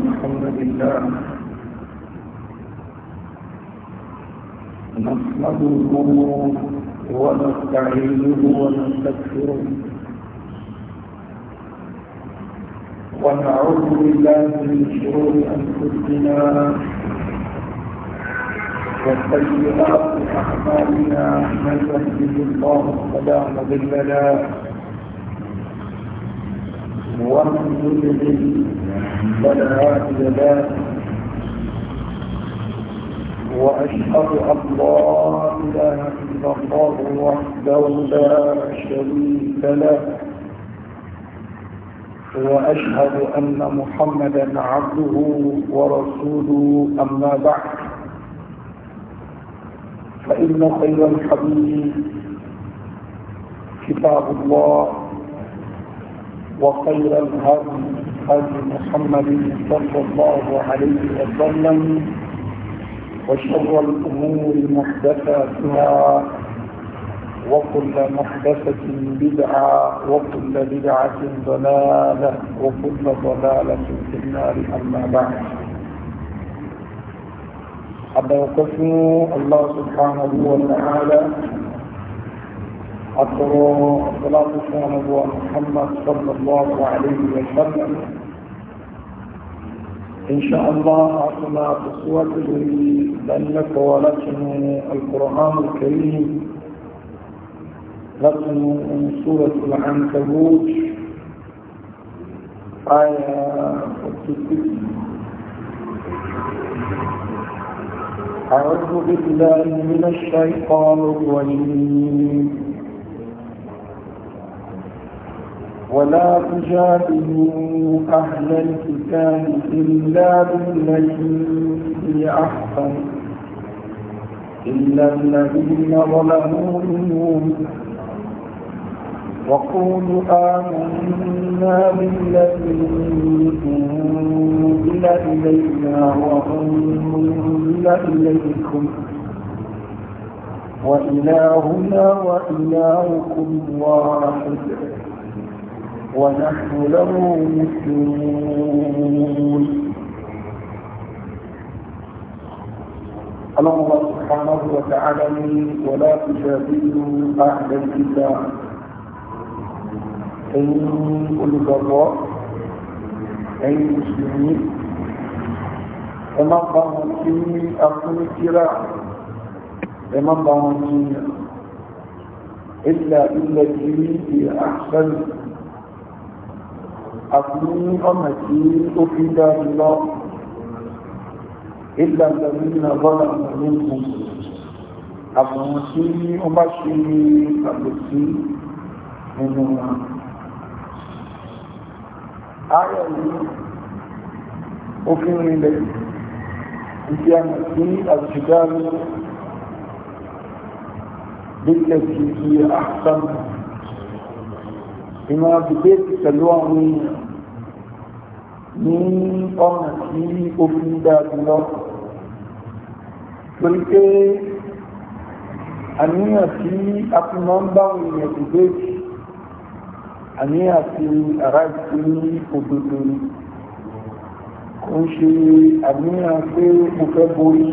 الحمد لله نحمده ونستعينه ونستغفره ونعوذ بالله من شرور أنفسنا وسيئات أعمالنا من يهده الله فلا مضل له ومن يضلل فلا هادي له واشهد ان لا اله الا الله وحده لا شريك له واشهد ان محمدا عبده ورسوله اما بعد فان خير الحديث كتاب الله وخير الهدي هدي محمد صلى الله عليه وسلم وشر الأمور محدثاتها وكل محدثة بدعة وكل بدعة ضلالة وكل ضلالة في النار أما بعد أبا الله سبحانه وتعالى أطروا صلاة والسلام أبو محمد صلى الله عليه وسلم إن شاء الله أعطنا بصوة لأنك ولكن القرآن الكريم لكن من سورة العنكبوت آية أعوذ بالله من الشيطان الرجيم ولا تجادلوا أهل الكتاب إلا بالتي هي أحسن إلا الذين ظلموا منهم وقولوا آمنا بالذي أنزل إلينا وأنزل إليكم وإلهنا وإلهكم واحد ونحن له مسلمون الله سبحانه وتعالى ولا تجادلوا أهل الكتاب أي أولي الضراء أي مسلمين وما قاموا في أقل الكراء وما قاموا إلا بالتي هي أحسن àti ní ọ̀nà tí ó fi dáadé lọ ìgbà ìgbàlú ní ọgọ́rọ̀ ìgbàlú ìgbà àbùrùn tí ó bá ṣe àbòsí nínú wọn. Ayọ̀ yìí ó rinlẹ̀ ìdí àmì sí àṣìdáàrí bí kẹ̀kì ìyẹ̀ àṣàmù ìmọ̀ dìbẹ́tì pẹ̀lú àwọn èèyàn ní ọ̀nà tí obìnrin dáadé lọ torí pé àníyàn tí a fi mọ́ ń bá àwọn èèyàn dìbẹ́tì àníyàn tí ara ìpín ní òdodo ni kò ń ṣe àníyàn pé mo fẹ́ borí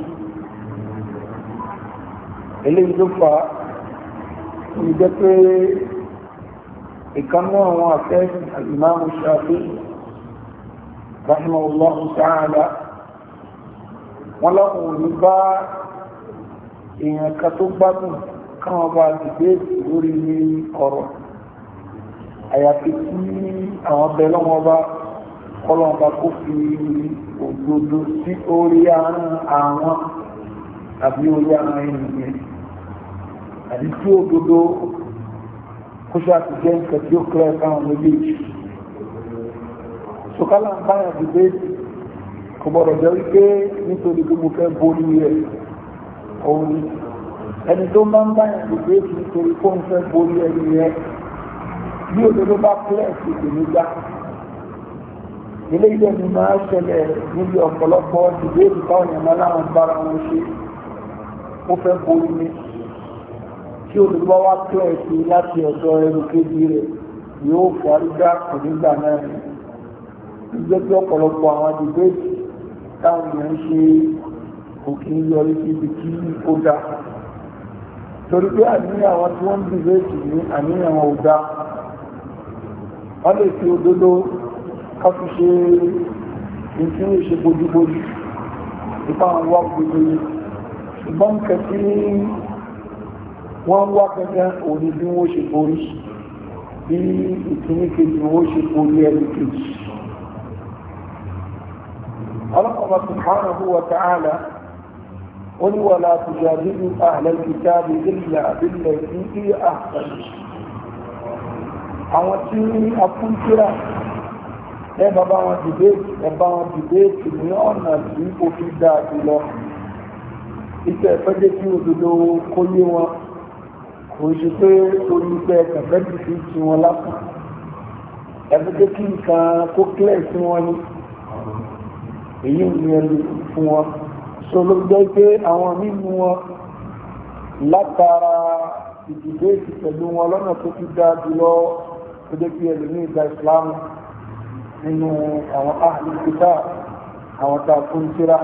eléyìí ló fà á ìjẹ́ pé ìkànnà àwọn afẹ́sìn al-Imam Shafi'i rahimahullahu ta'ala wọ́n lọ́kùn òní bá èèyàn kan tó gbádùn káwọn bá dìbéètì lórí ọ̀rọ̀ àyàfi tí àwọn bẹ̀ lọ́wọ́ bá kọlọ́ọ̀bá kó fi òdodo sí orí àárín àwọn àbí orí àárín ènìyàn àti tí kó ṣe àti jẹ́ nǹkan tí ó kílẹ̀ káwọn méjèèjì sọkálà ń báyà dìde kò gbọdọ̀ jẹ́ wípé nítorí pé mo fẹ́ borí rẹ̀ òun ni ẹni tó máa ń báyà dìde nítorí pé mo fẹ́ borí ẹni rẹ̀ bí òdodo bá kílẹ̀ sí èmi gbà eléyìí ẹni máa ṣẹlẹ̀ níbi ọ̀pọ̀lọpọ̀ dìde ìtàwọn èèyàn máa láwọn bára wọn ṣe ó fẹ́ borí mi tí olùgbọ́ wá tó ẹ̀sì láti ọ̀dọ̀ ẹrù kejì rẹ̀ yóò fàrígá kò nígbà náà ni ìgbẹ́ tí ọ̀pọ̀lọpọ̀ àwọn dìbẹ́tì táwọn èèyàn ṣe kò kí ń yọrí síbi tí ó dá torí pé àníyàn àwọn tí wọ́n ń dìbẹ́tì ní àníyàn wọn ò dá wọ́n lè fi òdodo ká fi ṣe ìtí ó ṣe bójúbójú ìpá àwọn wá gbogbo ṣùgbọ́n kẹsí wọ́n wá gangan òní bí wọ́n ṣe borí bí ìkíní kejì wọ́n ṣe borí ẹni kejì ọlọ́pàá subhanahu wa ta'ala ó ní wà láti jàdínú àhàlẹ́ kìtàbí ilẹ̀ àbílẹ̀ ní sí àhàlẹ́ àwọn tí a fún ẹ bàbá wọn dìbéètì ẹ bá wọn dìbéètì ní ọ̀nà tí ó fi dáa jùlọ ìtẹ̀fẹ́jẹ́ tí òdodo kó yé wọn kò ṣe pé orí pé kàfẹ́tì sí ti wọn lápá ẹgbẹ́ kí nǹkan kó clear sí wọn ni èyí ń yẹn lè fún wọn so ló jẹ́ pé àwọn nínú wọn látara ìdìbò èsì pẹ̀lú wọn lọ́nà tó fi dáa jùlọ tó jẹ́ kí ẹlòmíì gba ìsìláàmù nínú àwọn áhàlì kíkà àwọn tá a fún síra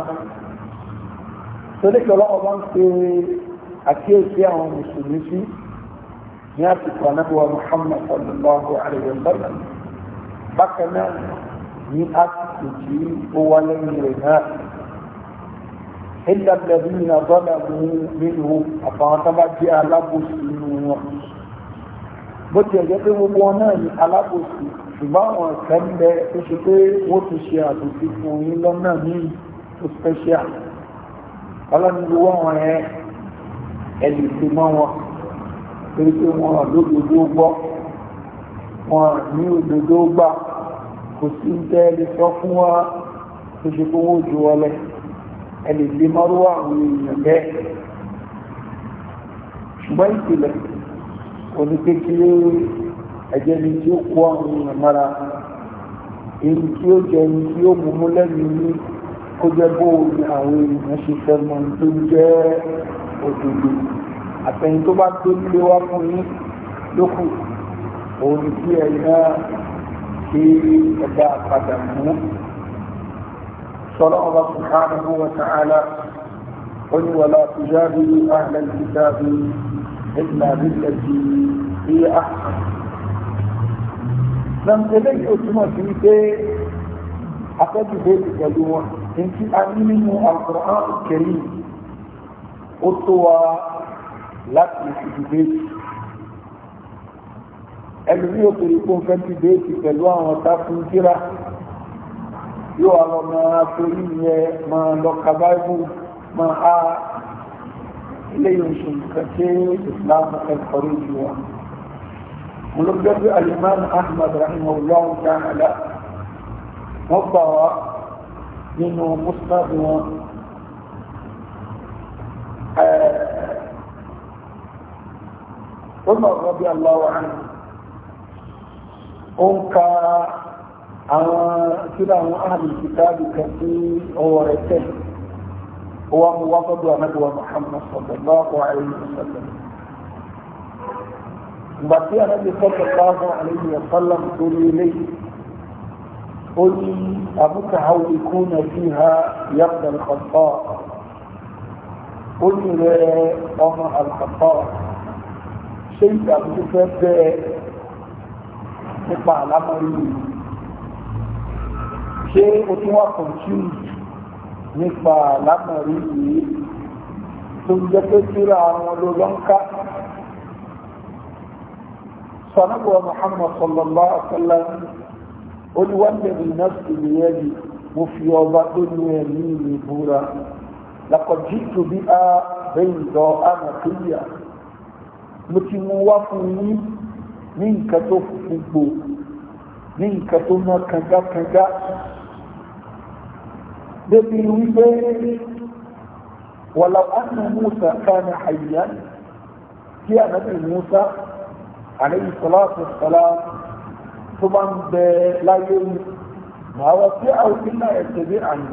tó lè kí ọlọ́wọ́ bá ń pe àkíyèsí àwọn mùsùlùmí sí ní àsìkò anábíwá Muhammad sallallahu alayhi wa sallam bákan náà ní àsìkò tí ó wá lẹ́yìn rẹ̀ náà إلا الذين ظلموا منهم أفعتما جاء لبسين bó ti ẹ̀jẹ̀ pé gbogbo wọn náà ní alábòsí ṣùgbọ́n àwọn ẹ̀kẹ́ ń bẹ tó ṣe pé wọ́n ti ṣe àtòsí fún yín lọ́nà ní tó special ọlọ́nìyàn wọ́n wọn ẹ̀ ẹ̀lì tó mọ́ wọn torí pé wọn lódodo gbọ́ wọn ní òdodo gbà kò sí ń tẹ́ ẹni sọ fún wa tó ṣe kó wọ́n ju ọlẹ́ ẹni lè márùwá àwọn èèyàn bẹ́ẹ̀ ṣùgbọ́n ìpìlẹ̀ òní pé kí ẹ̀jẹ̀ ni tí ó kó àwọn èèyàn mara èyí tí ó jẹ ẹni tí àtẹ̀yìn tó bá tó lé wá fún yín lókù òun ni kí ẹ̀yin náà kí ẹ̀dá padà mú. صلى الله سبحانه وتعالى قل ولا تجادل أهل الكتاب إلا بالتي هي أحسن لم تلي أسمى في أقدم بيت الجلوة إن في أمين القرآن الكريم أطوى láti ìdí déètì ẹlòmí ò torí pé nǹkan ti déètì pẹ̀lú àwọn tákùn kíra yóò àwọn ọmọ torí yẹn máa lọ ka báíbù máa á ilé ìrìnsù nǹkan tí islam ẹ̀kọ́rí jù wọn. mo ló gbẹ́gbẹ́ alimán ahmad rahimahullah ta'ala wọ́n gbà wá nínú musnad wọn Umar radiyallahu anhu ó ń ka àwọn sílẹ̀ àwọn ahli kitabi kan sí ọwọ́ rẹ̀ tẹ̀ ó wá mú wá sọ́dọ̀ anábìwá Muhammad sallallahu alaihi wasallam ìgbà tí anábì sallallahu alaihi wasallam torí eléyìí ó ní àbúkà àwọn ikú náà fi ha yàtọ̀ al ó ní rẹ̀ ọmọ al ṣé ìdààmú fẹ́ bẹ́ẹ̀ nípa àlámọ́rí yìí ṣé o tún wà confused nípa àlámọ́rí yìí tó jẹ́ pé síra àwọn olóńkà sanabuwa muhammad sallallahu alaihi wa sallam olùwàndẹ̀bí nọ́ọ̀sì nìyẹ́bí mo fi ọba tó ní ẹ̀mí mi búra làkọ̀jí tòbí a bẹ́yìn lọ àmọ̀ kéyà mo ti mú wá fún yín ní nǹkan tó funfun gbò ní nǹkan tó mọ́ kangakanga débi wípé wàlàó àná Musa kánà àyíyá tí ànábì Musa àlẹ́yìn sọláàtù sọláà tó bá ń bẹ láyé mi màá wá sí àwọn ìlà bí àná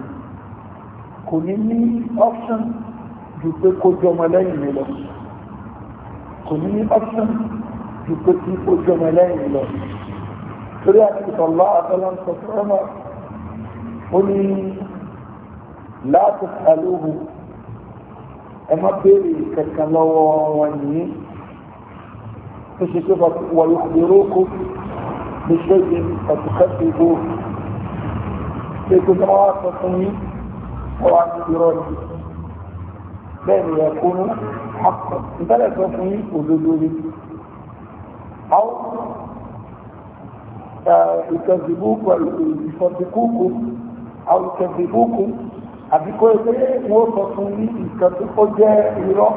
kò ní ní option ju pé kó jọmọ lẹ́yìn mi lọ. قريب اصلا في كتيب الجمالين له طلعت طلعت كلام سطرنا قولي لا تسألوه اما بيري كالكلاوة واني مش كيف ويخبروكم بشيء فتخذبوه لكن عاصفني وعن دراني لن يكون àpò ìtọ́lẹ̀ sọ fún yí òdodo rí àwọn ìkẹ̀sìbúkù ìfọ̀sìkúkù àwọn ìkẹ̀sìbúkù àbíkó ẹgbẹ́ wọ́n sọ fún yí ìkẹ̀sìkó jẹ́ irọ́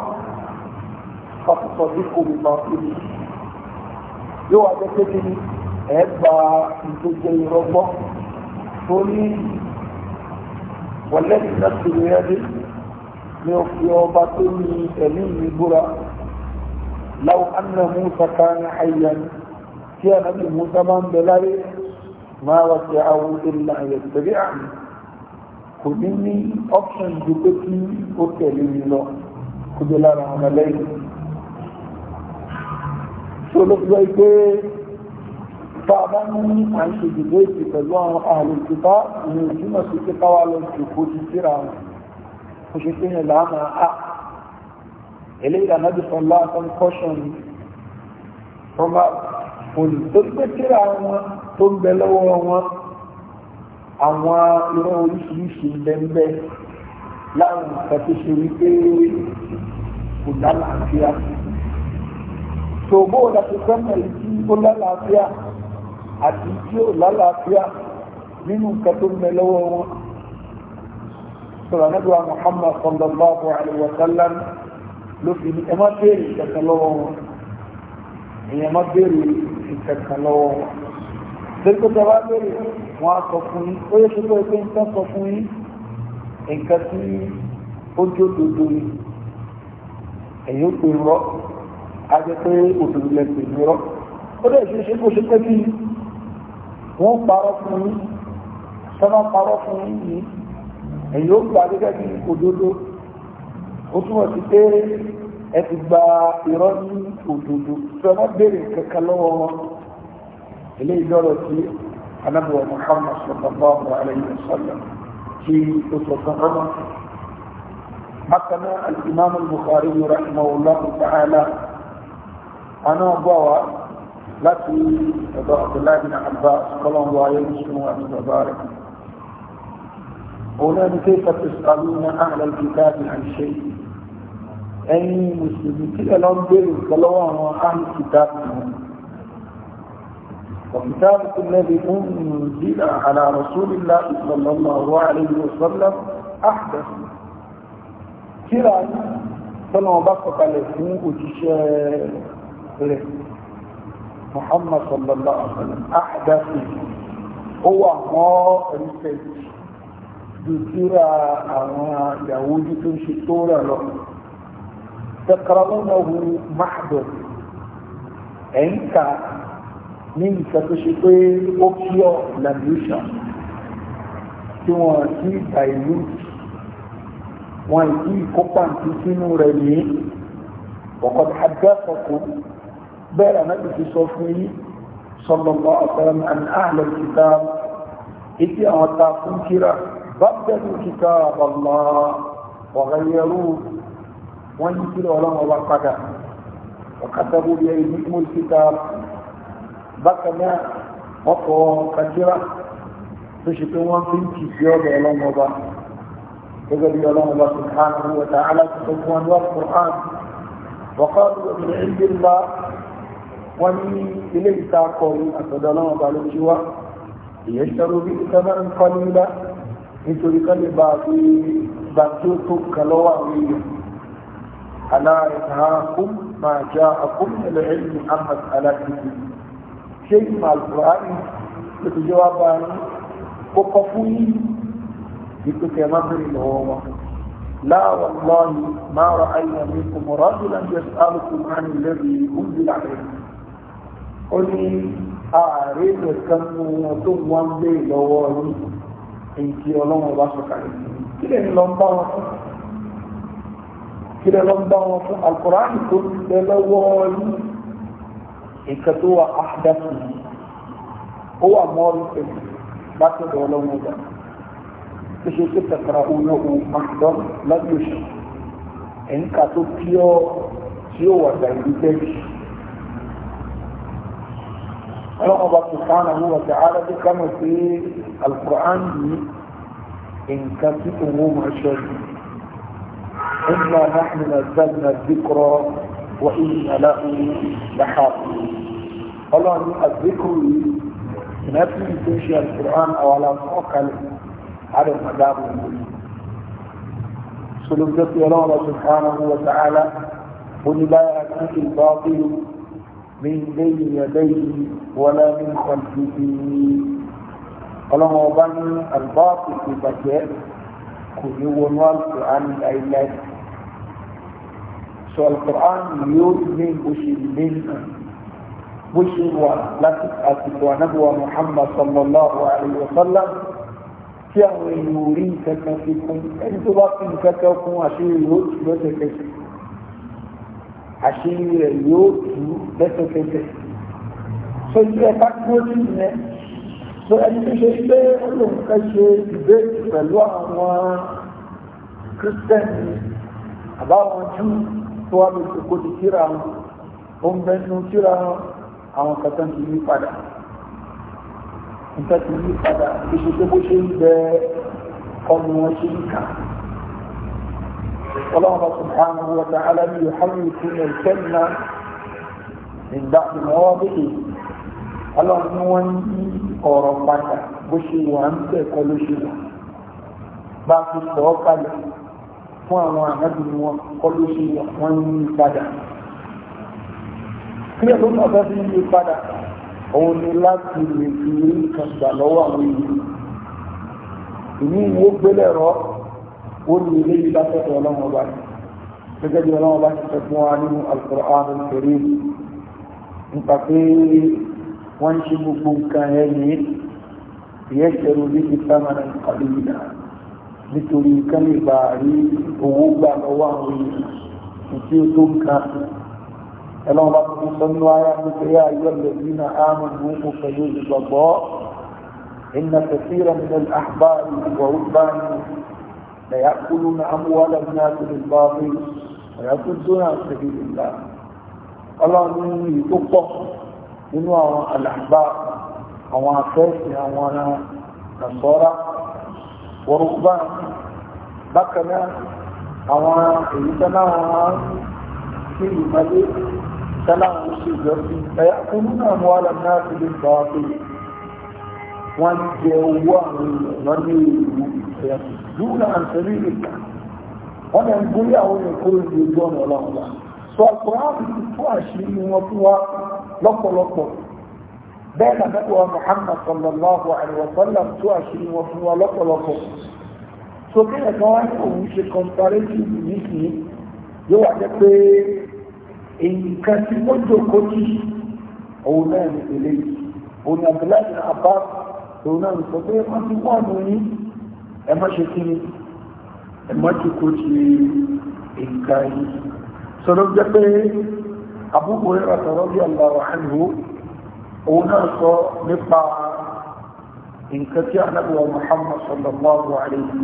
fọ̀sìkúkù ìfọ̀sìkúkù yóò wá jẹ́ pé kí ni ẹ gba ìdójẹ irọ́ gbọ́ torí wọ̀lẹ́bí náà ti rí ẹ́ ni ó fi ọba tó ní ẹ̀mí mi búra láwọn anna musa kana hayyan tí ànábì musa bá ń bẹ láyé máa wá sí àwọn ìlà ìyẹ̀tẹ̀rẹ̀ àmì kò ní ní option ju pé kí ó tẹ̀lé mi lọ kó jẹ́ lára ọmọ lẹ́yìn tó ló fi wáyé pé tá a bá ní à ń ṣe pẹ̀lú àwọn àlùkùtà ìyẹn ìtumọ̀ sí pé káwá lọ jòkó ti síra wọn kò ṣe pé yẹn là á máa á eléyìí ànábì sọlá àtọ́n kọ́ṣọ̀n ọba òní torí pé tíra wọn tó ń bẹ lọ́wọ́ wọn àwọn irọ́ oríṣiríṣi bẹ́ẹ̀ láwọn nǹkan wípé kò dá làáfíà ṣògbó láti fẹ́mọ̀ ìdí ó lálàáfíà àti tí ó lálàáfíà nínú nǹkan tó ń bẹ lọ́wọ́ wọn sọ̀rọ̀ nígbà Muhammad sallallahu alaihi wa sallam ló fi ní ẹ má béèrè ìkẹ̀kẹ̀ lọ́wọ́ wọn èèyàn má béèrè ìkẹ̀kẹ̀ lọ́wọ́ wọn lórí tó bá béèrè wọn á sọ fún yín ó yẹ kí ló pé nǹkan sọ fún yín nǹkan tí ó dodo ni èyí ó pè rọ á pé òdòdó lẹ pè ní rọ ó dẹ̀ ṣe kó ṣe pé kí wọ́n parọ́ fún yín sọ́nà parọ́ fún yín yìí ẹ̀yìn ó gbà gẹ́gẹ́ bí òdodo ó túmọ̀ sí pé ẹ ti gba irọ́ ní òdodo tí wọ́n béèrè kankan lọ́wọ́ wọn eléyìí lọ́rọ̀ sí anábọ̀ Muhammad sallallahu alayhi wa sallam tí ó sọ fún ọmọ حكم الإمام البخاري رحمه الله تعالى أنا بوا لكي عبد الله بن عباس قال الله يمسكم وأن تبارك أولئك كيف تسألون أهل الكتاب عن شيء أي مسلم كلا لهم بيرز قالوا أهل الكتاب وكتابة الذي أنزل على رسول الله صلى الله عليه وسلم أحدث كلا فلما بقى لكم وتشاء محمد صلى الله عليه وسلم أحدث هو ما رسلت ju síra àwọn ìyàwó ojú tó ń ṣe tó rà lọ tẹkọrọmọ́nàwó máàbọ̀ ẹ̀ ń kà ní nǹkan tó ṣe pé ó kí ọ lẹ́mìíṣàn tí wọ́n ti gbà ìlú wọn ìdí ìkópa ti sínú rẹ̀ ní ọ̀kọ̀dà àgbẹ̀fọ̀kù bẹ́ẹ̀ ànábì ti sọ fún yí sọlọ́gbọ́ ọ̀sán àmì àhàlẹ̀ ìgbà ètí àwọn ta fún kíra بدلوا كتاب الله وغيروه وانتلوا لهم وقتا وكتبوا بأيديهم الكتاب بكنا وقوا كثيرا تشتوا في كتاب الله وقتا يقول الله سبحانه وتعالى تقوان والقرآن وقالوا من عند الله ومن إليه تاقوا أتدلوا بالجوا ليشتروا به ثمنا قليلا nítorí kan lè bá fi gbà tí ó tó kan lọ́wọ́ àwọn èèyàn aláìsàákùn máa já àkómìnà ẹ̀yìn ahmad aláìsí ṣé ìmọ̀ alùpùránì tó ti jẹ́ wá bá ní ó kọ́ fún yìí ìpè kẹ́ má bèrè lọ́wọ́ wọn láwọn lọ́ọ̀yì máa rọ àyà mi kò mọ̀ rọ́ọ̀dù láti ẹ̀sọ́ àlùkù máa ní lẹ́rù ìhùndì àrẹ ó ní ààrẹ nìkan tó wọn bèrè lọ́wọ́ yìí èyí tí ọlọ́run bá sọ̀kalẹ̀ kí lè lọ bá wọn fún kí lè lọ bá wọn fún alukóraani tó ń bẹ lọ́wọ́ yìí nǹkan tó wà áhùdásù yìí ó wà mọ́ọ́rù pẹ̀lú bá tó dọ̀ ọlọ́run bá tó ṣe pé tẹ̀sán òun òun mcdon lọ́dún òṣèlú ẹ̀ńkà tó pí ọ́ tí ó wà dàgbé bẹ́ẹ̀ رغب سبحانه وتعالى كما في القرآن إن كتبه معشر إنا نحن نزلنا الذكر وإن له لحافظ الله أن الذكر نبي تشي القرآن أو على فوقل على المدار المبين سلوكتي الله سبحانه وتعالى ولله في الباطل من بين يديه ولا من خلفه ولما بني الباطل في بكير كن يوم والقرآن الأيلات سوى القرآن يؤمن بشي من بشي ولكن أتكوى نبوى محمد صلى الله عليه وسلم كيف يريدك فيكم انتظر انك تكون عشير يؤمن بشي àṣírí rẹ̀ yóò tú lẹ́sẹ̀kẹsẹ̀ so ilé ẹ̀ka tí ó ti yẹn so ẹni tó ṣe pé ó lòun fẹ́ ṣe ìbéèrè pẹ̀lú àwọn kírísítẹ́nì àbáwọn jù tó wà lóṣù kó ti kíra wọn ó ń bẹnu kíra àwọn kankan ti yí padà nǹkan ti yí padà ìṣèjọba ṣe ń bẹ ọmọ wọn ṣe ń kà والله سبحانه وتعالى يحرفون الكلمة من بعد مواضعه ọlọ́run ní wọ́n ní ọ̀rọ̀ padà bó ṣe wà ń tẹ̀ kọ́ ló ṣe wà bá fi sọ ọ́ kalẹ̀ fún àwọn àmọ́bìnrin wọn kọ́ ló ṣe wà wọ́n ń yí padà kí ẹ̀ ló ń ọ̀fẹ́ fi yí padà òun ni láti lè fi rí nǹkan gbà lọ́wọ́ àwọn èèyàn ìní ìwó gbélé rọ́ọ́ ولي لي بس ولا ما بس تجد ولا ما بس القرآن الكريم انتقي وانش مبوم كهني يشر لي ثمنا قليلا لتولي كم باري وغبا وغوي وتيوتون كاسي اللهم بس تسمعني ويا يا أيها الذين آمنوا وفيوز الله إن كثيرا من الأحبار ورهبان ليأكلون أموال الناس بالباطل ويصدون عن سبيل الله ọlọ́run ní tó pọ̀ nínú àwọn àlàgbà àwọn afẹ́ẹ̀sì àwọn nàṣọ́rá wọ́rùgbà bákanáà àwọn èyí tẹ́lá wọn sí ìmọ̀lé tẹ́lá wọn sí ìjọsí ẹ̀yà kúrú náà mọ́ àlàmì náà ti lè sọ ọ́ wọ́n jẹ owó àwọn èèyàn ní ìlú ìdúrà àtẹ̀lé ìgbà wọ́n lè ń gbórí àwọn èèyàn kúrò ní ojú ọ̀nà ọlọ́ọ̀lá sọ àkùrán ti tó àṣírí wọn fún wa lọ́pọ̀lọpọ̀ bẹ́ẹ̀ nàbẹ́wà Muhammad sallallahu alaihi wa sallam tó àṣírí wọn fún wa lọ́pọ̀lọpọ̀ so kí ẹ̀kan wá ní òun ṣe comparative nìkì yóò wà jẹ́ pé nǹkan tí wọ́n jòkó jì òun náà ní eléyìí òun ní Abdullahi tòun náà sọ pé wọ́n ti wọ́n mú yín ẹ má ṣe kí ni ẹ má ti kó ti nǹkan yìí sọ̀rọ̀ jẹ́ pé Abu Hurairah radiyallahu anhu òun náà sọ nípa nǹkan tí Ànábì wa Muhammad sallallahu alayhi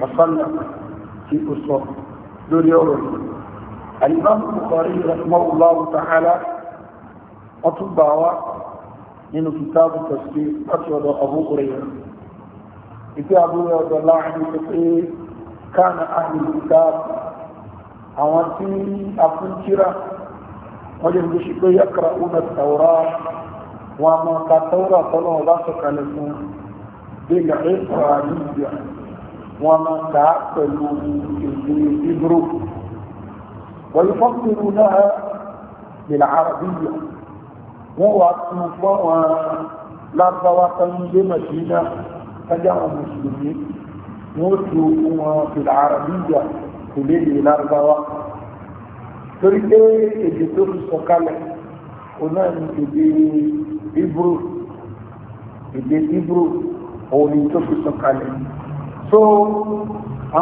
wa sallam tí ó sọ lórí ọ̀rọ̀ yìí Al-Imam Bukhari rahimahullahu ta'ala wọ́n tún gbà wá nínú kìtàbù tẹ̀sí láti ọ̀dọ̀ Abu Hurayra ìpé àbúrò ọ̀dọ̀ láàrin tó pé káàna àmì kìtàbù àwọn tí a fún kíra wọ́n lè gbé ṣùgbọ́n yàkàrà ọ̀nà tàwọ́rá wọn mọ̀ ká tàwọ́rá tọ́lọ́ ọba sọ̀kalẹ̀ fún bíga ẹ̀fọ́ àdúgbò wọn mọ̀ ká pẹ̀lú èdè ìdúró wọ́n yóò fọ́n wọ́n wà tún fún àwọn lábáwá tán gbé màdínà kájá àwọn mùsùlùmí wọ́n tu wọn fìlà àràbíyà kò lè lè lárúbáwá torí pé èdè tó fi sọ̀kalẹ̀ òun náà ní èdè ibro èdè ibro òun tó fi sọ̀kalẹ̀ so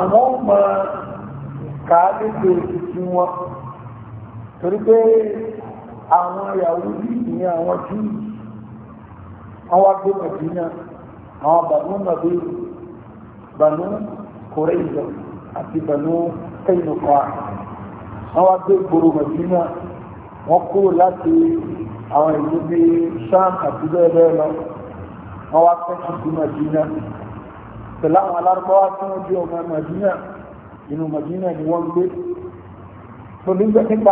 àwọn ọmọ kàádédé tuntun wọn torí pé àwọn yahoo ní àwọn Júù àwọn agbé Mẹ̀dínà àwọn Bànú Nàbí Bànú Kòrèjọ àti Bànú Kẹ́yìnùkọ́ àwọn agbé gbòòrò Mẹ̀dínà wọ́n kó láti àwọn ìlú bí Ṣáàm àti bẹ́ẹ̀ bẹ́ẹ̀ lọ wọ́n wá fẹ́ sí Mẹ̀dínà pẹ̀lú àwọn alárúbáwá tí wọ́n jẹ́ ọmọ Mẹ̀dínà inú Mẹ̀dínà ni pẹ̀lú nípa pẹ̀lú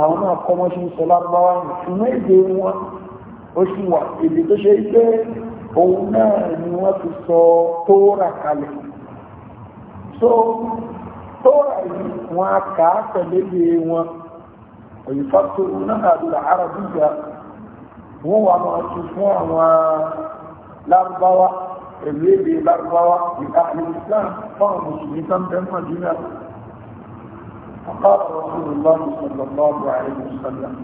àwọn náà kọ́ wọ́n ṣe ń sọ lárúbáwá ìṣúná èdè wọn ó sì wà èdè tó ṣe pé òun náà ni wọ́n ti sọ tó rà kalẹ̀ so tó rà yìí wọ́n á kà á pẹ̀lú èdè wọn òyì fásitì òun náà àdúrà àràbíyà wọ́n wà máa tu fún àwọn lárúbáwá pẹ̀lú èdè lárúbáwá ìgbà àlè Islam fáwọn mùsùlùmí tó فقال رسول الله صلى الله عليه وسلم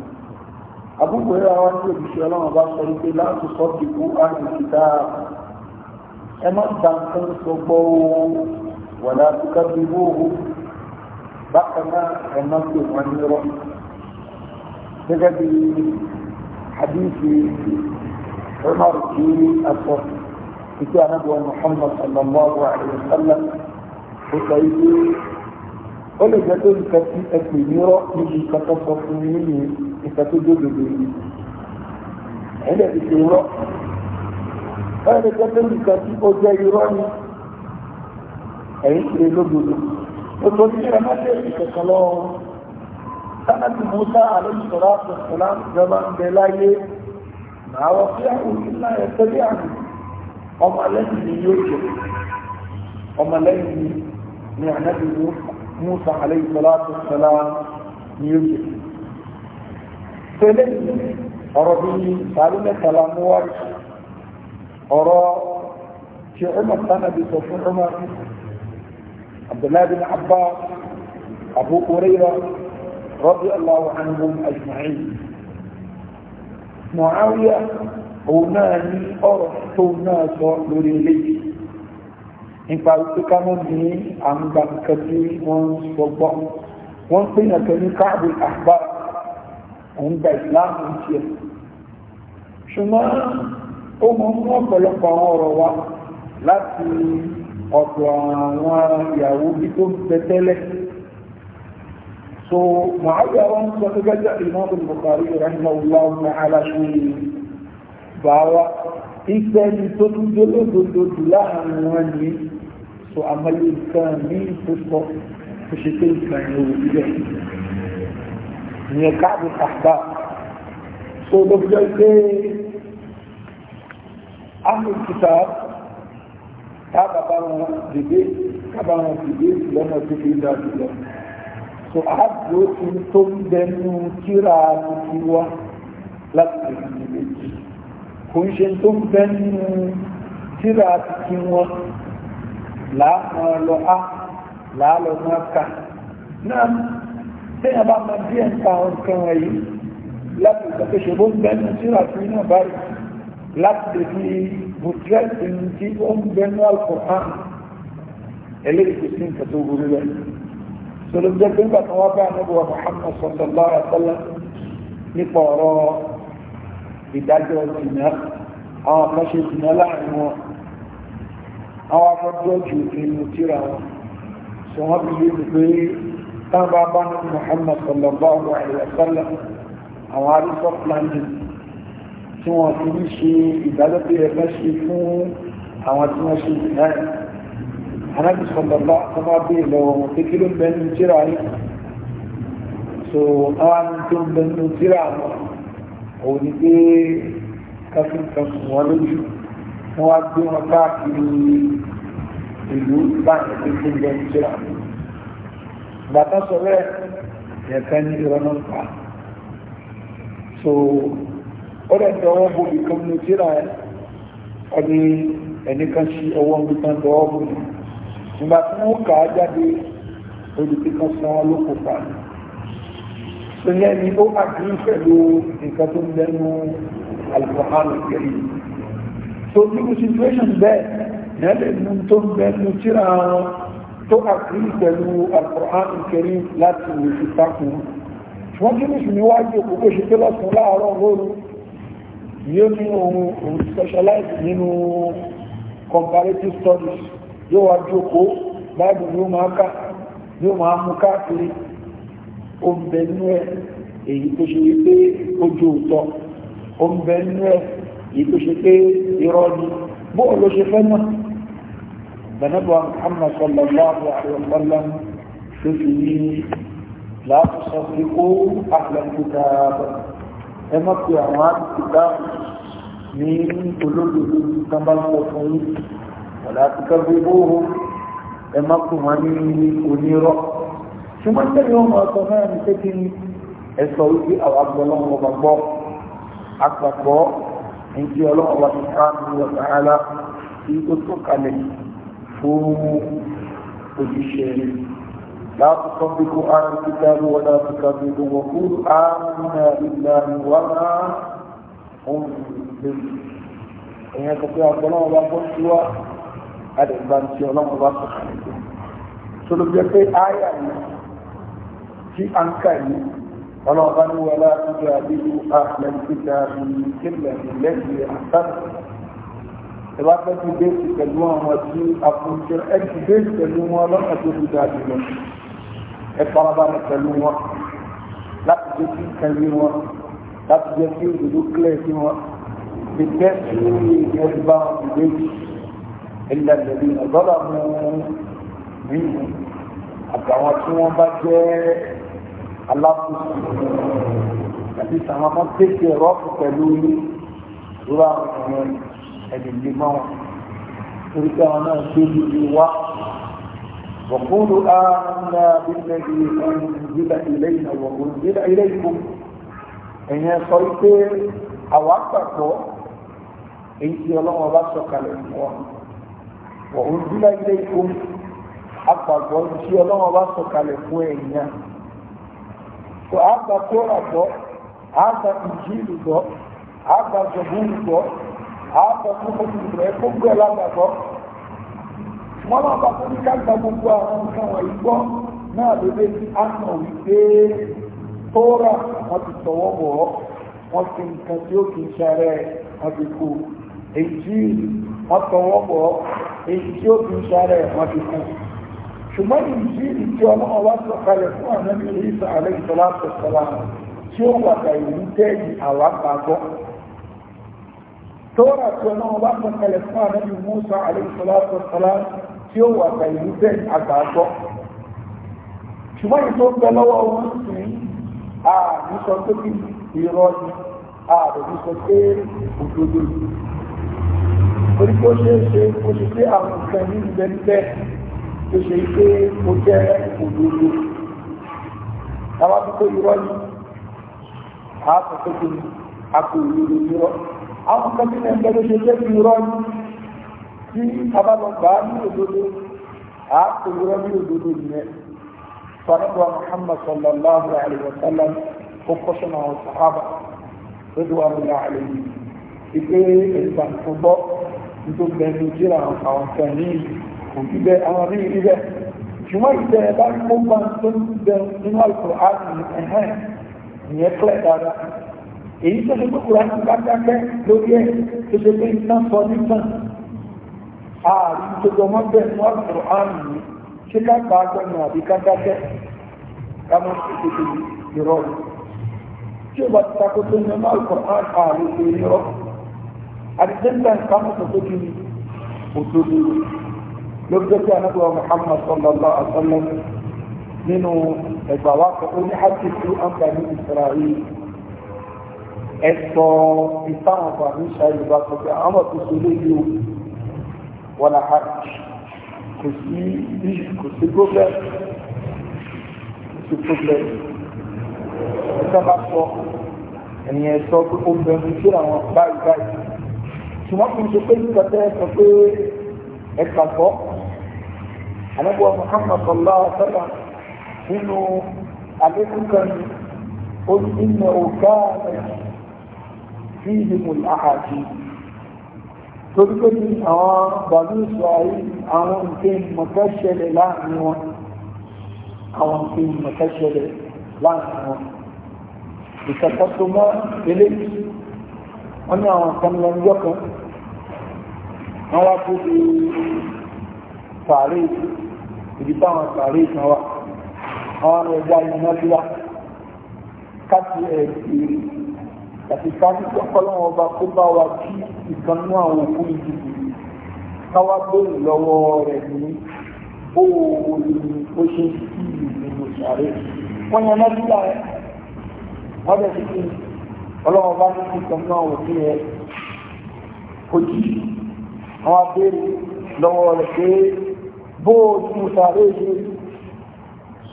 أبو هريرة وأنت بشيلان الله صليك لا تصدقوا أهل الكتاب أما تنقل صبوا ولا تكذبوه بقنا أمامك ونيرا تجد حديث عمر في الصدق كتاب محمد صلى الله عليه وسلم وكيف ó lè jẹ́ pé nǹkan tí ẹ pè ní rọ́ níbi nǹkan tó sọ fún yín ní nǹkan tó dé dòdò yìí ẹ̀ lè fi ṣe rọ́ ó lè jẹ́ pé nǹkan tí ó jẹ́ irọ́ ni ẹ̀yìn ṣe lódodo ó tó ní ẹ má lè fi kẹ̀kẹ́ lọ́wọ́ sanadi musa alẹ́sọ̀rọ̀ àtọ̀sọ̀lá ìjọba ń bẹ láyé màá wọ sí àwọn ìlà ẹ̀fẹ́ bí àmì ọmọlẹ́yìn ni yóò jẹ ọmọlẹ́yìn ni ànábì Musa alayhi salatu salam ní òkè tẹ́lẹ̀ ọ̀rọ̀ bí sàárì mẹ́tàlá mú wá ọ̀rọ̀ tí ọmọ sánàbí sọ fún ọmọ Abdullahi bin Abbas Abu Hurairah رضي الله عنهم أجمعين معاوية هناني أرحت الناس لريلي nípa wípé ká mọ́ ní àmúgbà nǹkan tí wọ́n ń sọgbọ́ wọ́n pè yàn kan ní káàbù àgbà òun gba ìsìláàmù tiẹ̀ ṣùgbọ́n ó mọ mú ọ̀pọ̀lọpọ̀ àwọn ọ̀rọ̀ wa láti ọ̀dọ̀ àwọn ìyàwó bí tó ń bẹ tẹ́lẹ̀ so màáyà wọn sọ pé gẹ́gẹ́ ìmọ̀ọ́bù bùkárí rahimahullah ta'ala ṣe bá wa ìfẹ́ ni tó tún dé lódodo jù láàrin wọn yìí so àmàlẹ́ nǹkan ní ìfúsọ tó ṣe pé nǹkan yẹn ò bíbẹ̀ ìyẹn káàbù àgbà so ló fi jẹ́ pé àmì kìtà ká bàbá wọn dìde ká bàbá wọn dìde lọ́nà tó fi dá jùlọ so àbúrò tí tó ń dẹnu kíra ti wá láti ìlú méjì kò ń ṣe tó ń bẹ́nu kíra ti wọn làá máa lọ á làá lọ máa kà náà téèyàn bá máa díẹ̀ ń pa àwọn nǹkan wọ̀nyí láti ìgbàgbọ́ ṣòro ń bẹnu síra fún iná báyìí láti lè fi bùtírẹ́sì ní tí ó ń bẹnu Al-Qur'an eléyìí kò sí nǹkan tó burú rẹ̀ sọlọ́ jẹ́ àwọn afọ́jọ́jù nínú tíra wọn sọ wọ́n fi yé pé tábà bá ní Muhammad sallallahu alaihi wa sallam àwọn arísọ́ planning tí wọ́n fi ń ṣe ìdájọ́ pé ẹgbẹ́ ṣe fún àwọn tí wọ́n ṣe ìdáyẹ̀ anábì sallallahu tó máa bí ìlọ wọn pé kí ló ń bẹ tíra yìí so àwọn tó ń bẹ nínú tíra wọn òun ni pé káfíńkà wọn lójú wọ́n wá gbé wọn káàkiri ìlú báyìí tó ti ń bẹ bàtà sọ bẹ́ẹ̀ yẹ̀kẹ́ ní ìrọ́nà pa so ó lè dọwọ́ bo ìkan ní tíra ẹ̀ ọdí ẹnìkan sí ọwọ́ ń gbítan dọwọ́ bo ní ìgbà tí wọ́n kà á jáde olùkíkan san wọn ló kò pa ní so yẹn ni ó àdúrú pẹ̀lú nǹkan tó ń lẹ́nu alùpàánù kẹrin so irú situation bẹ́ẹ̀ nẹ́lẹ̀ mú tó ń bẹ to tíra wọn tó àkírí pẹ̀lú alkùránì kẹrí láti wò sí takùn wọ́n tí mùsùn níwájú òkúkó ṣe pé lọ́sùn láàárọ̀ lóru yóò ní ohun ohun specialize nínú comparative studies yóò wá jókòó báyìí yóò máa ká o máa mú káàkiri ó ń bẹ nínú ẹ èyí tó ṣe wípé ojú òótọ́ ó ń ẹ ètò ṣe pé irọ́ ni bóun ló ṣe fẹ́ náà bẹ̀nẹ́bọ̀ Muhammad sallallahu alaihi wa sallam ló fi ní láàtúnṣe pé kó àlàkùtà ẹ má pe àwọn àtìkà ní olódodo kan bá ń pọ̀ fún yín ọ̀là àtìkà gbogbo ẹ má kù ṣùgbọ́n tẹ́lẹ̀ wọn máa sọ náà ní pé kí ẹ sọ wípé àwọn àpapọ̀ ní kí ọlọ́run wa ti ká ní ọ̀tá ara tí ó tó kalẹ̀ fún òjíṣẹ́ rẹ̀ láti sọ pé kó ara ti dárú wọn láti ká bí gbogbo fún àmìnà ìlànà wà náà ọlọ́ọ̀bánú wọlá tójú àbílú ahmed kíkà bíi kílẹ̀ lẹ́yìn àtàkù ìwà pẹ̀lú déètì pẹ̀lú àwọn tí àkùnṣe ẹ̀jì déètì pẹ̀lú wọn lọ́nà tó fi dáa jùlọ ẹ farabalẹ̀ aláfúsù àti sàwọn kan tètè rọ́ọ̀kù pẹ̀lú ìrora ọ̀rọ̀ ẹ̀dùn lè mọ́ wọn torí pé àwọn náà ṣe é lè wá وقولوا آمنا بالذي أنزل إلينا وأنزل إليكم إن صيت أوقفك إن الله وبسك الإخوان وأنزل إليكم أقبل وإن الله وبسك الإخوان so a gba kóra gbọ́ a gba ìjìnlù gbọ́ a gba jọ̀bùnù gbọ́ a gba kókòtù gbọ́ ẹ kókò ẹ lágbà gbọ́ wọn náà bá tó ní ká gba gbogbo àwọn nǹkan wọ̀nyí gbọ́ náà ló dé sí àmọ̀ wípé tóra wọn ti tọwọ́ wọ̀ ọ́ wọ́n fi nǹkan tí ó kì í ṣàrẹ́ wọn ti wọ́n tọwọ́ wọ̀ ọ́ èyí tí ó kì í ṣàrẹ́ wọn ṣùgbọ́n ìjì tí ọlọ́wọ́ wá sọ kalẹ̀ fún ànábì Ìsá alayhi salatu wassalam tí ó wàtà ìlú tẹ́ẹ̀yì àwa gbàgbọ́ tóra tí ọlọ́wọ́ wá sọ kalẹ̀ fún ànábì Mùsá alayhi salatu wassalam tí ó wàtà ìlú tẹ́ẹ̀yì àgbàgbọ́ ṣùgbọ́n ìtò ń bẹ lọ́wọ́ wọn tó ṣe pé ó jẹ́ òdodo táwa tó tó irọ́ yìí a sọ pé kí ni a kò òdodo irọ́ àwọn kan tí wọ́n ń bẹ́ ló ṣe jẹ́ irọ́ yìí tí a bá lọ gbà á ní òdodo a irọ́ ní òdodo yẹn sọ̀rọ̀ Muhammad sallallahu alayhi wa sallam ó kọ́ àwọn sàhábà lọ́dúnwàmúlá àlèyé ìpé ẹ̀sà tó gbọ́ nítorí ẹni jíra àwọn kan kò rí bẹ́ẹ̀ àwọn rí rí bẹ́ẹ̀ ṣùgbọ́n ìtẹ́ ẹ bá ń kó bá ń tó ń bẹ nínú àlùkò ààrùn ẹ̀hẹ́n ìyẹn pẹ́ dára èyí tó ṣe pé kúrò àti bá dákẹ́ lórí ẹ̀ tó ṣe pé nǹkan sọ nìkan ààrùn tó jọ mọ́ bẹ́ẹ̀ nínú àlùkò ààrùn yìí ṣé ká gbà àbí ká dákẹ́ ká mọ́ sí tètè ìrọ̀rùn tí o bá ti takò tó ní ọmọ alukur'an ààrùn tó ní lọ́pọ̀lọpọ̀ anábọ̀ Muhammad sallallahu alaihi wa sallam nínú ẹgbà wa kọ́ ó ní hàtí sí àǹfààní Israẹli ẹ̀sọ́ ìtàwọn àǹfààní ṣáàlì bá sọ pé àwọn tó ṣe léyìí o wọ́n la hajj kò sí kò sí problem kò sí problem ìjọba sọ ẹ̀yìn ẹ̀sọ́ pé ó bẹ̀rù sí àwọn báyìí báyìí ṣùgbọ́n kò ń ṣe pé nígbà tẹ́ ẹ sọ pé ẹ̀ka sọ àlẹ́bùwà Muhammad sallallahu alaihi wasallam nínú àlékún kan ó ní nà ọ̀gá rẹ̀ sí ìdìbò àhàjì torí pé ní àwọn bàbá ìsọ̀rọ̀ àwọn nǹkan mọ̀ká ṣẹlẹ̀ láàrin wọn àwọn nǹkan mọ̀ká ṣẹlẹ̀ láàrin wọn ìkàtàkùn mọ́ eléyìí wọ́n ní àwọn kan lọ yọ̀kan wọ́n wá kó sàárè ibi táwọn sàárè kan wà àwọn ẹja iná bí wà káàkiri ẹ̀ẹ́dì àti káàkiri ọpọlọ́wọ́ ọba kó bá wa kí ìkànnú àwọn òkú ìdí káwá bóyè lọ́wọ́ rẹ̀ ní owó ìlú ó ṣe sí ìlú sàárè wọ́n yan náà bí wà ẹ̀ wọ́n bẹ̀ sí kí ọlọ́wọ́ bá ní ìkànnú àwọn òkú yẹn kó jí àwọn abéèrè lọ́wọ́ rẹ̀ pé bó ojú sàárè ṣe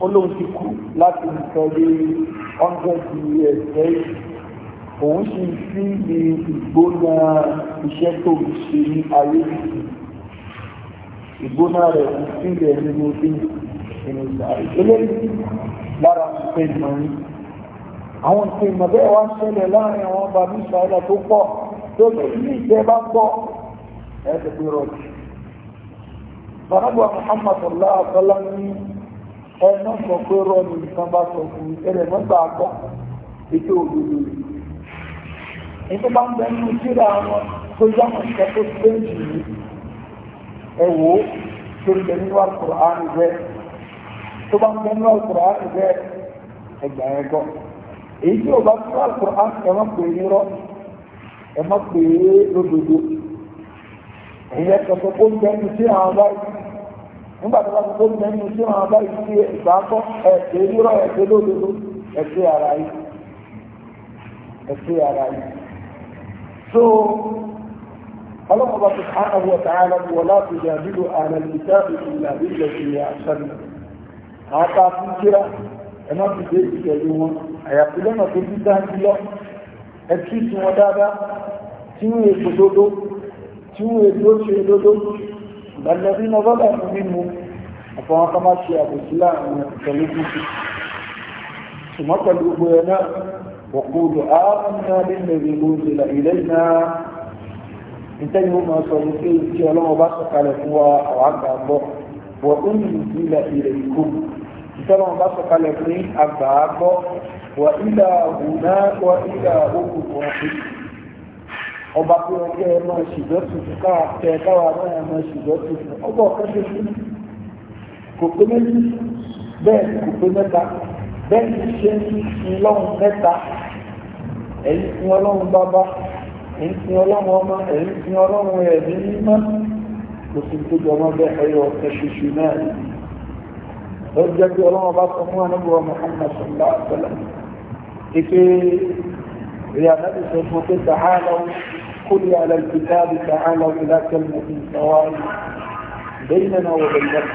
olóhùn ti kú láti nǹkan lé hundred years lẹ́yìn òun sì sí ní ìgbóná iṣẹ́ tó ń ṣe ní ayé ìgbóná rẹ̀ kò sí ilẹ̀ nínú ilé nínú sàárè eléyìí lára nǹkan ìmọ̀ àwọn nǹkan ìmọ̀ bẹ́ẹ̀ wá ṣẹlẹ̀ láàrin àwọn bàbá ìṣàlẹ̀ tó pọ̀ tó lè ní ìjẹ́ pọ̀ ẹ̀ tẹ̀lé bàbá muhammad allah abdallá ní ẹnà sọ pé rọ́ọ̀nù nǹkan bá sọ fún ẹrẹ̀ mọ́gbà àgbà ètò òdodo rẹ̀ ètò bá ń bẹ nínú síra wọn tó yá wọn ṣe tó pé jù ní ẹ̀wò tó ń bẹ nínú àkùrán rẹ̀ tó bá ń bẹ nínú àkùrán rẹ̀ ẹgbà ẹ̀gọ́ èyí tí ò bá tún àkùrán ẹ̀ má pè é nírọ́ ẹ̀ má pè é lódodo. ìyẹn kẹsàn kó ń bẹnu sí àwọn báyìí nígbà tó bá kó ń bẹnu sí àwọn báyìí sí ìgbàkọ ẹsẹ lódodo ara yìí so ọlọ́mọba wa ta'ala wọlá ti jàdílò ààrẹ ìjáde ìlà ilẹ̀ ìyá àṣàlẹ̀ àtà fún kíra ẹ má fi dé ìtẹ̀lé wọn àyàfi lọ́nà tó bí dáńdí lọ tí tí dáadáa tí tí wọ́n èdò ṣe lódó ìdánilẹ́bí náà bọ́lá fún mímu àfọwọ́n ká má ṣe àbòsí láàrin pẹ̀lú gúúsù ṣùgbọ́n pẹ̀lú gbogbo ẹ̀ náà wọ̀kúlù ààrùn náà nílẹ̀ ìlú ìlẹ̀ ilẹ̀ náà ìtẹ́yìn ó máa sọ ní pé tí ọlọ́wọ́ bá sọ̀kalẹ̀ fún wa àwọn àgbà bọ̀ wọ̀ ó ní ìlẹ̀ ilẹ̀ ìkó ìtọ́lọ́wọ́ bá sọ̀kalẹ̀ fún àgbà bọ̀ wọ̀ ìlà òun náà wọ̀ ìlà òkùnkùn ọ̀fíìsì ọba tó yẹ kẹ́ ẹ máa ṣèjọ́sìn fún káwa kẹ́ ẹ káwa náà ẹ máa ṣèjọ́sìn fún ọba ọ̀kan ṣe fún kò pé méjì bẹ́ẹ̀ kò pé mẹ́ta bẹ́ẹ̀ ni ṣe ń sin lọ́hùn mẹ́ta ẹ̀yìn sin ọlọ́run bàbá ẹ̀yìn sin ọlọ́run ọmọ ẹ̀yìn sin ọlọ́run ẹ̀mí mímọ́ kò sí tó jọ ọmọ bẹ́ẹ̀ ẹ̀yọ ọ̀kan ṣoṣo náà ni ó jẹ́ pé ọlọ́run bá sọ fún anábọ̀ Muhammad sallallahu alaihi wasallam ìpè ìrìn àdájọ́ sọ fún pé sàhálà ọ̀hún قل على الكتاب تعالوا إلى كلمة سواء بيننا وبينكم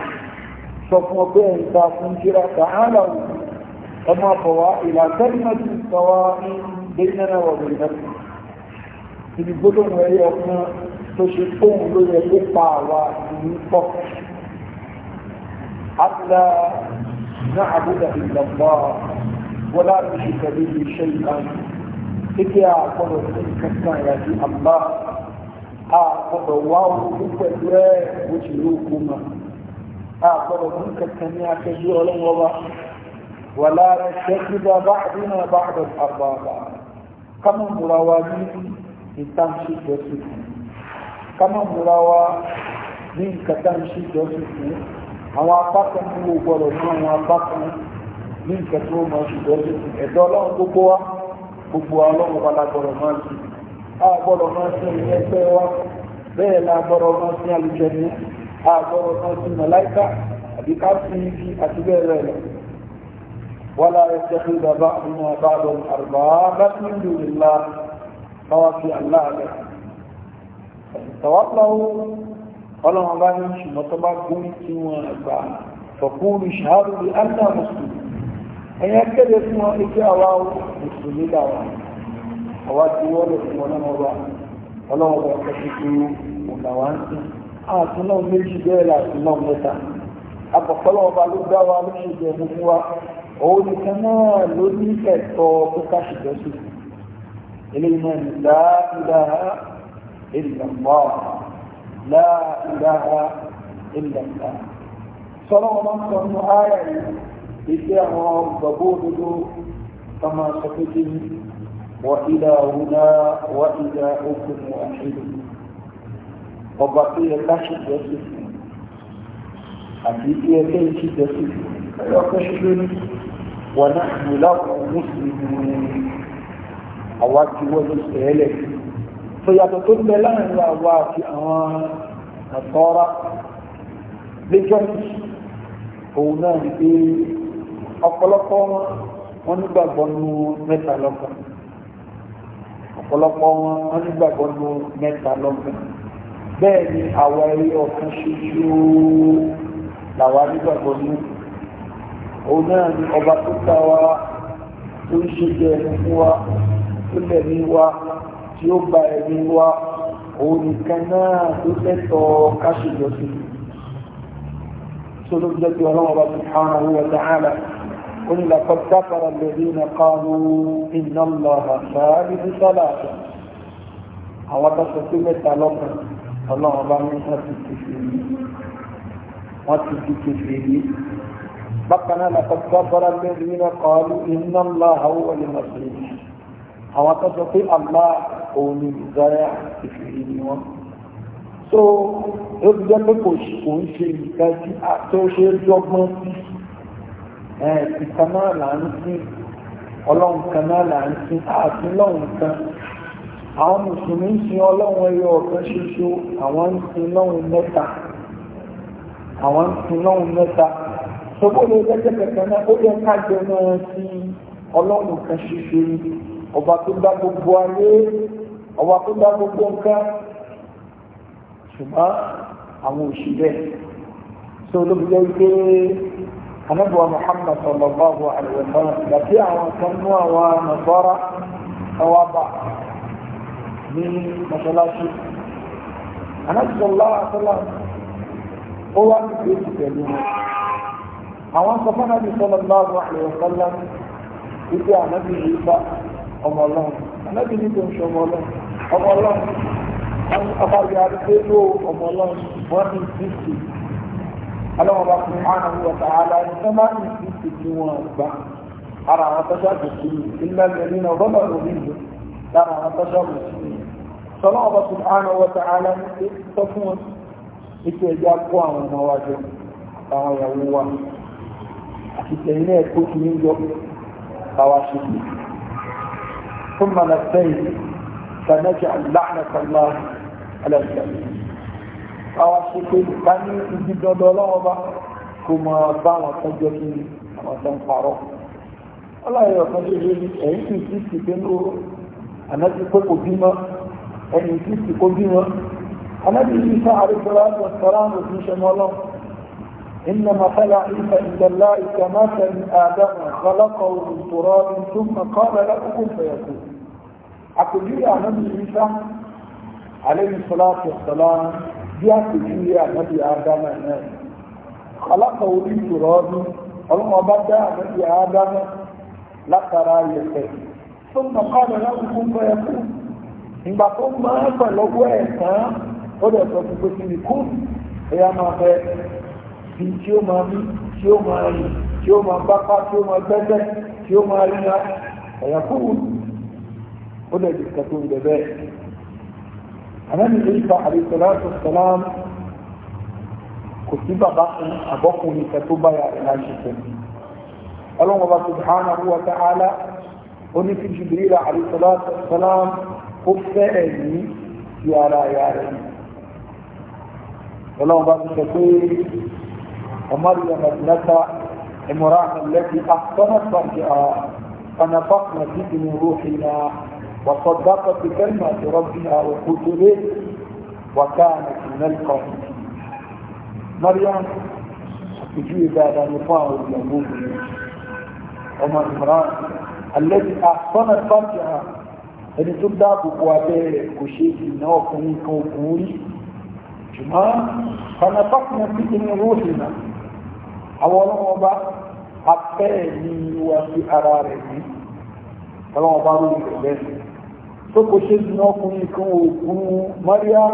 فاطمئن تاكم جرا تعالوا كما فوا إلى كلمة سواء بيننا وبينكم في البدن وهي أبناء تشكون بين يقطع ويقف حتى نعبد إلا الله ولا نشرك به شيئا ike a gbọ́dọ̀ fún kankan ìrìnàjò àmbá a gbọ́dọ̀ wá òkú pẹ̀lú ẹ bó ti rí òkú ma a gbọ́dọ̀ fún kankan ní akẹjú ọlọ́wọ́ bá wà lára ṣẹ́kí bá bá àdínà bá àdọ̀ àbàbà kama múra wa ní ìtànṣe jọ́sìn fún kama múra wa ní ìkàtànṣe jọ́sìn fún àwọn apákan tí ó gbọ́dọ̀ àwọn apákan ní ìkàtànṣe jọ́sìn fún ẹ̀dọ́ ọlọ́run gbogbo wa gbogbo ọlọ́run wa la gbọ́dọ̀ máa sìn a gbọ́dọ̀ máa sìn ẹgbẹ́ wa bẹ́ẹ̀ la gbọ́dọ̀ máa sìn àlùjànnú a gbọ́dọ̀ máa sìn màláíkà àbí ká sìn igi àti bẹ́ẹ̀ bẹ́ẹ̀ lọ. ولا يتخذ بعضنا بعض أربابا من دون الله فوفي الله له tọwọ́pọ̀wọ́ ọlọ́run bá ní ṣùgbọ́n tó bá gún tí wọ́n gbà fọ̀kúrù ṣàárù ẹ̀yẹn kéde fún wọn ike àwa mùsùlùmí là wà àwa tí wọ́n lè fún ọlọ́mọ wa ọlọ́mọ wa kẹ́kẹ́ tó ọ̀gá wa ń sìn àtún náà méjì bẹ́ẹ̀ láti náà mẹ́ta àpọ̀pọ̀lọ́ ọba ló dá wa ló ṣe ìjẹ̀mú fún wa òun nìkan náà ló ní ẹ̀tọ́ tó káṣìjọ́ sí eléyìí náà ní láìláha ìlàmọ́ láìláha sọ́nà wọn máa ń sọ yìí ìpé àwọn gbogbo òdodo ọmọ sọfẹ́jì wọ ilẹ̀ òwúdá wọ ilẹ̀ òkun àṣírí ọba tó yẹ káṣí jẹ́sí àti ìpé ẹgbẹ́ ìṣí jẹ́sí ọkọ̀ ṣíṣe ní wọ̀n náà ìlú láwọn mùsùlùmí àwọn àti wọ́n ló sẹ́ẹ̀lẹ̀ tó bẹ láàrin àwọn àti àwọn àtọ́ra lẹ́jọ́ òun náà ní pé ọ̀pọ̀lọpọ̀ wọn wọn nígbàgbọ́ nu mẹ́ta lọ́kàn ọ̀pọ̀lọpọ̀ wọn wọn nígbàgbọ́ nu mẹ́ta lọ́kàn bẹ́ẹ̀ ni àwa ẹ̀rí ọ̀kan ṣoṣo làwa nígbàgbọ́ nu òun náà ni ọba tó ta wa tó ń ṣe jẹ ẹni fún wa tó lẹ̀mí wa tí ó gba ẹ̀mí wa òun nìkan náà tó lẹ́tọ̀ọ́ káṣíjọ sí i. sọ́dọ̀ jẹ́ pé ọlọ́wọ́ bá ti hàn án wọ́n قل لقد كفر الذين قالوا إن الله ثالث ثلاثة أو تسكيمة ثلاثة الله ما من أتكفيني أتكفيني بقنا لقد كفر الذين قالوا إن الله هو المسيح أو تسكي الله أولي زيا كفيني so ó ti jẹ́ pé kò ń ṣe nǹkan tí a tó ṣe é dọ́gbọ́n ẹ ìkan náà là ń sìn ọlọ́run kan náà là ń sìn àti lọ́run kan àwọn mùsùlùmí ń sin ọlọ́run ẹyọ ọ̀kan ṣoṣo àwọn ń sin lọ́run mẹ́ta àwọn ń sin lọ́run mẹ́ta sọ́kòlù ẹgbẹ́ kẹ̀kẹ́ náà ó yẹ ká jẹ náà sí ọlọ́run kan ṣoṣo ọba tó dá gbogbo ayé ọba tó dá gbogbo nǹkan ṣùgbọ́n àwọn òṣìṣẹ́ tó ló fi jẹ́ wípé anabuwa muhammad sallallahu alaihi wa sallam láti àwọn kan nú àwọn nasara àwọn bá ní mọ́ṣáláṣí anabi sallallahu alaihi wa sallam ó wá ní ìgbésí pẹ̀lú wọn àwọn sọ fún anabi sallallahu alaihi wa sallam wípé anabi yìí bá ọmọ anabi ní kò ń ṣe ọmọ ọlọ́run ọmọ ọlọ́run ọmọ ọlọ́run ọmọ ọlọ́run wọ́n aláwọ̀bá subhanahu wa ta'ala ní tó máa ń fi ìdí wọn gbà ara àwọn tó ṣáàbù sí ilẹ̀ lẹ́ni náà bọ́lá lórí ìlú lára àwọn tó ṣáàbù sí sọlọ́wọ́bá subhanahu wa ta'ala ní tó sọ fún wọn ike ẹja kó àwọn ọmọ wa jọ àwọn ìyàwó wa àti tẹ̀yìn náà kó kí ń yọ àwa ṣe sí fún mọ̀nà sẹ́yìn sanẹ́jà láàrín kan alẹ́ káwá ṣe pé ká ní ibi dandan ọlọ́wọ́ bá kó mọ bá àwọn tó jẹ́ kí àwọn tó ń parọ́ ọlọ́yẹ ọ̀kan tó ṣe ní ẹ̀yìn tí tí ti pé ló ànájú pé kò bímọ ẹ̀yìn tí ti kó bímọ ànájú yìí sá àríkọ́lá tó sọ́rọ́ àwọn òfin ṣe mọ́ lọ إن مثل عيسى عند الله كمثل آدم خلقه من تراب ثم قال له كن فيكون àpèjúwe ànábì Ìsá alayhi salatu wassalam bí àpèjúwe ànábì ádámà náà alákọ̀ orí ìṣòro ọdún ọlọ́mọ ọba dá ànábì ádámà látara yẹ̀fẹ̀ tó ń bọ̀ káàdọ̀ láti fún bọ́ ẹkú ìgbà tó máa ń bọ̀ lọ́wọ́ ẹ̀ tán ó dẹ̀ sọ fún pé kí kú ẹ̀yà máa fẹ́ bí tí ó máa mí tí ó máa rìn tí ó máa bápá tí ó máa gbẹ́gbẹ́ tí ó máa ríra ẹ̀yà kúrú ó dẹ̀ dìkẹ́ tó ń bẹ̀ bẹ́ẹ̀ ànábì ìfà àdìsọ́láṣọ sọ́lám kò sí bàbá fún àbọ́kùnrin kan tó báyà rẹ̀ láti pẹ̀. ọlọ́run ọba subhanahu wa ta'ala oní fi Jibril àdìsọ́láṣọ sọ́lám ó fẹ́ ẹ̀mí sí ara ìyá rẹ̀. ọlọ́run ọba ti sọ pé ọmọ ìyàmọ̀ ìlẹ́ta ìmọ̀ràn lẹ́kì àtọ́nà وصدق بكلمة ربها وكتبه وكانت من القانتين مريم تجيب هذا نطاع اليهود عمر عمران التي أحصنت فرجها ẹni tó dáàbò bo abẹ́rẹ́ kò ṣe ìdìnnà ọkùnrin kan ọkùnrin rí ṣùgbọ́n fanapákùnrin sí ti ní róòlì náà àwọn ọlọ́wọ́n bá afẹ́ ní wá sí ara rẹ̀ ní ọlọ́wọ́n bá róòlì rẹ̀ bẹ́ẹ̀ tó kò ṣe jùlọ ọkùnrin kan òkun mọ́ríà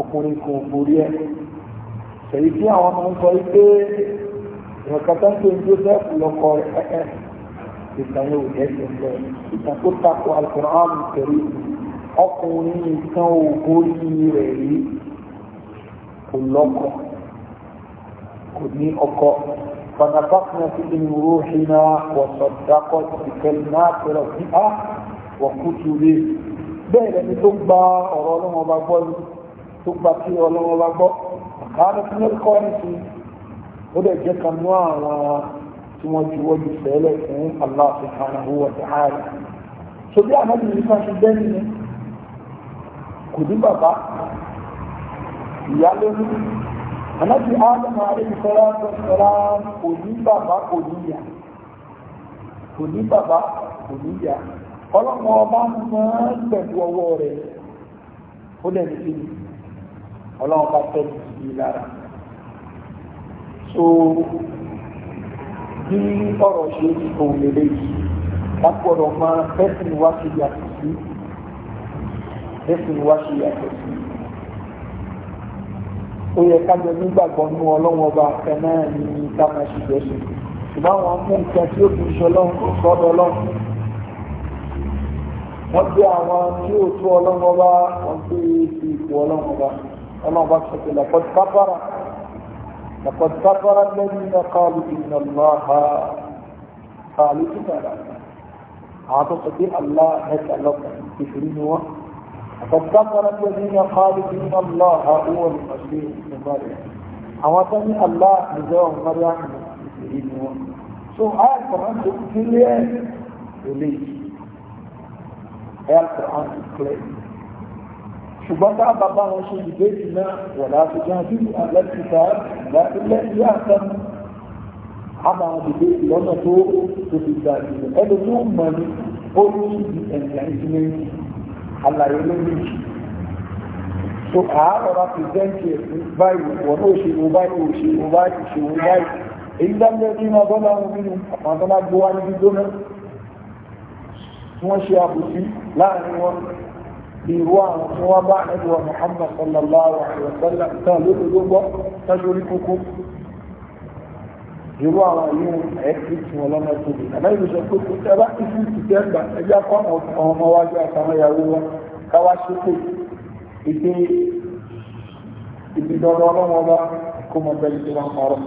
ọkùnrin kan òkun rí ẹ ṣèyí tí àwọn ọmọ ń sọ wípé ìrọ̀kátá ń pè ní joseph lọ́kọ ẹ̀ẹ́ ìtàn yóò ẹ̀sẹ̀ lọ ìtàn tó takò alukoran kẹrì ọkùnrin kan òkun rẹ̀ rí kò lọ́kọ kò ní ọkọ فنفخنا فيه من روحنا وصدقت بكلمات ربها wọ̀kútu rí bẹ́ẹ̀ lẹ́ni tó gba ọ̀rọ̀ ọlọ́wọ́ bá gbọ́ ní tó gba tí ọlọ́wọ́ bá gbọ́ àkàánú tí wọ́n kọ́ ní sí ó dẹ̀ jẹ́ kan mú àwọn tí wọ́n ju wọ́jú sẹ́lẹ̀ fún Allah kò ní bàbá kò ní ìyá ọlọ́mọ ọba máa ń pẹ̀lú ọwọ́ rẹ̀ ó dẹ̀ ní kíni ọlọ́mọ bá tẹ́ lára so bí ọ̀rọ̀ ṣe ń kò lélẹ̀ yìí lápọ̀rọ̀ máa fẹ́sìn wá sí yàtọ̀ sí fẹ́sìn wá sí yàtọ̀ sí ó yẹ ká jẹ nígbàgbọ́ nú ọlọ́wọ́ ọba kan náà ní ká máa ṣùgbọ́n àwọn mú tí ó fi ṣọlọ́run sọ́dọ̀ ọlọ́run wọ́n gbé àwọn tí ó tó ọlọ́mọ bá wọ́n gbé sí ipò ọlọ́mọ bá ọlọ́mọ bá sọ pé lọ́kọ́ tábàrà lọ́kọ́ tábàrà lẹ́nu iná káàlù ìnà lọ́ha káàlù tìkàrà àwọn tó sọ pé allah ẹ̀ka lọ́kọ̀ ìfìrí ni wọ́n لقد كفر الذين قالوا ان الله هو المسيح ابن مريم àwọn tó ní allah ìjọ mariam ìlú wọn so àìsàn tó kílẹ̀ ẹ̀ ayal Quran is clear ṣùgbọ́n bá bàbá wọn ṣe ìbéèrè náà wọ̀ láti jẹun bí àlẹ́kìtà láti lẹ́yìn àtẹnu àmà àwọn ìbéèrè lọ́nà tó tó fi gbà jùlọ ẹni tó mọ̀ ní ó ní ìdí ẹ̀yà ìdílé àlàyé lórí ìjì so àárọ̀ ra pìrìsẹ́ǹtì ẹ̀sìn báyìí wọ́n ó ṣe wo báyìí ó ṣe wo báyìí ṣe wo báyìí èyí dáńdé bí wọn bọ́lá tí wọ́n ṣe àbùsí láàrin wọn bí irú àwọn tí wọ́n bá ẹ̀dùn wa Muhammad sallallahu alaihi wa sallam tán ló ló gbọ́ tọ́jú orí kúkú irú àwọn yìí ẹ̀ kí tí wọ́n lọ́nà tó lè àmọ́ ìlú sọ pé ẹ bá kí fún ìtẹ́gbà ẹjá kọ́ àwọn ọmọ wájú àtàwọn ìyàwó wọn káwá ṣépè ìdí ìdídọ́rọ̀ ọlọ́wọ́ bá kó mọ̀ bẹ́ẹ̀ ìdíwọ̀n ọ̀rọ̀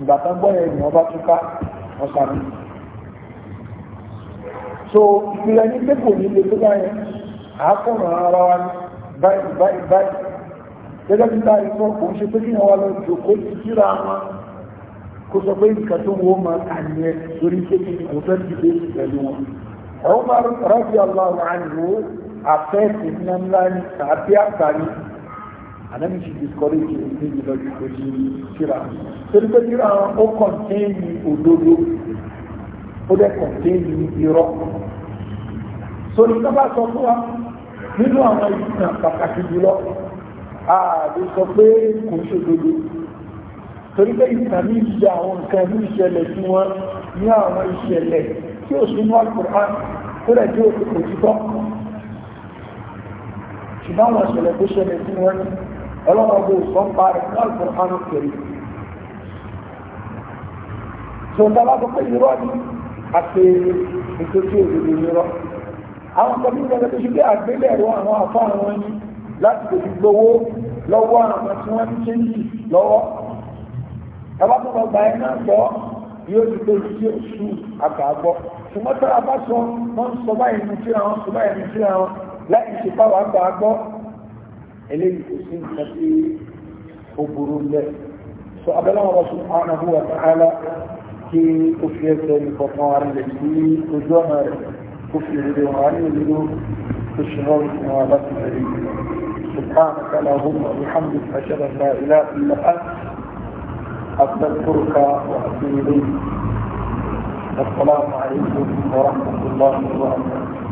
ìgbà tán gbọ́ so ìpìlẹ̀ ní pé kò ní lè tó bá yẹn àákùnrin ara wa báyìí báyìí báyìí gẹ́gẹ́ bí báyìí sọ kò ń ṣe pé kí wọ́n lọ jòkó ti síra wọn kó sọ pé nǹkan tó wọ́n máa kà ní ẹ lórí pé kí ni kò fẹ́ dìde pẹ̀lú wọn. àwọn máa rọ́bì aláwọ̀ àyìnbó àfẹ́ẹ̀sì ńlá ńlá ní tàbí àtàrí àdámi ti discourage ní ìlọ́jú pé kí síra torí pé síra wọn ó kọ̀ǹtẹ́ẹ̀nì ó dẹ̀ kọ̀ǹté ní irọ́ sórí tó bá sọ fún wa nínú àwọn ìtàn pàtàkì jùlọ ààbò sọ pé kò ń ṣòdodo torí pé ìtàn ní ìṣe àwọn nǹkan ní ìṣẹ̀lẹ̀ tí wọ́n ní àwọn ìṣẹ̀lẹ̀ tí ó sún wá kùrán tó rẹ̀ tí ó fi kò títọ́ ṣùgbọ́n àwọn ìṣẹ̀lẹ̀ tó ṣẹlẹ̀ tí wọ́n ní ọlọ́wọ́ bó sọ ń pa ní àlùkùrán kiri tó ń dábàá sọ pé irọ́ ni àti ìtòsí òdodo nírọ́ àwọn kan bí wọn lọ sí pé àgbélẹ̀rọ àwọn afá wọn ni láti tòjú gbowó lọ́wọ́ àwọn tí wọ́n ń ṣe yìí lọ́wọ́ ẹ̀wá tó lọ gbà ẹ̀ náà gbọ́ yóò ti pé ìdí oṣù àgbàgbọ́ ṣùgbọ́n tí a bá sọ wọ́n ń sọ báyìí ní síra wọn sọ báyìí ní síra wọn láì ṣe báwọn àgbàgbọ́ eléyìí kò sí nǹkan tí ó burú lẹ̀ sọ abẹ́lẹ́wọ̀n lọ sí àwọn àbúrò àtàkálá kí ó fi ẹsẹ̀ ìkọ̀kan ara rẹ̀ sí ojú ọ̀nà rẹ̀ kó سبحانك اللهم وبحمدك أشهد أن لا إله إلا أنت أستغفرك وأتوب إليك السلام عليكم ورحمة الله وبركاته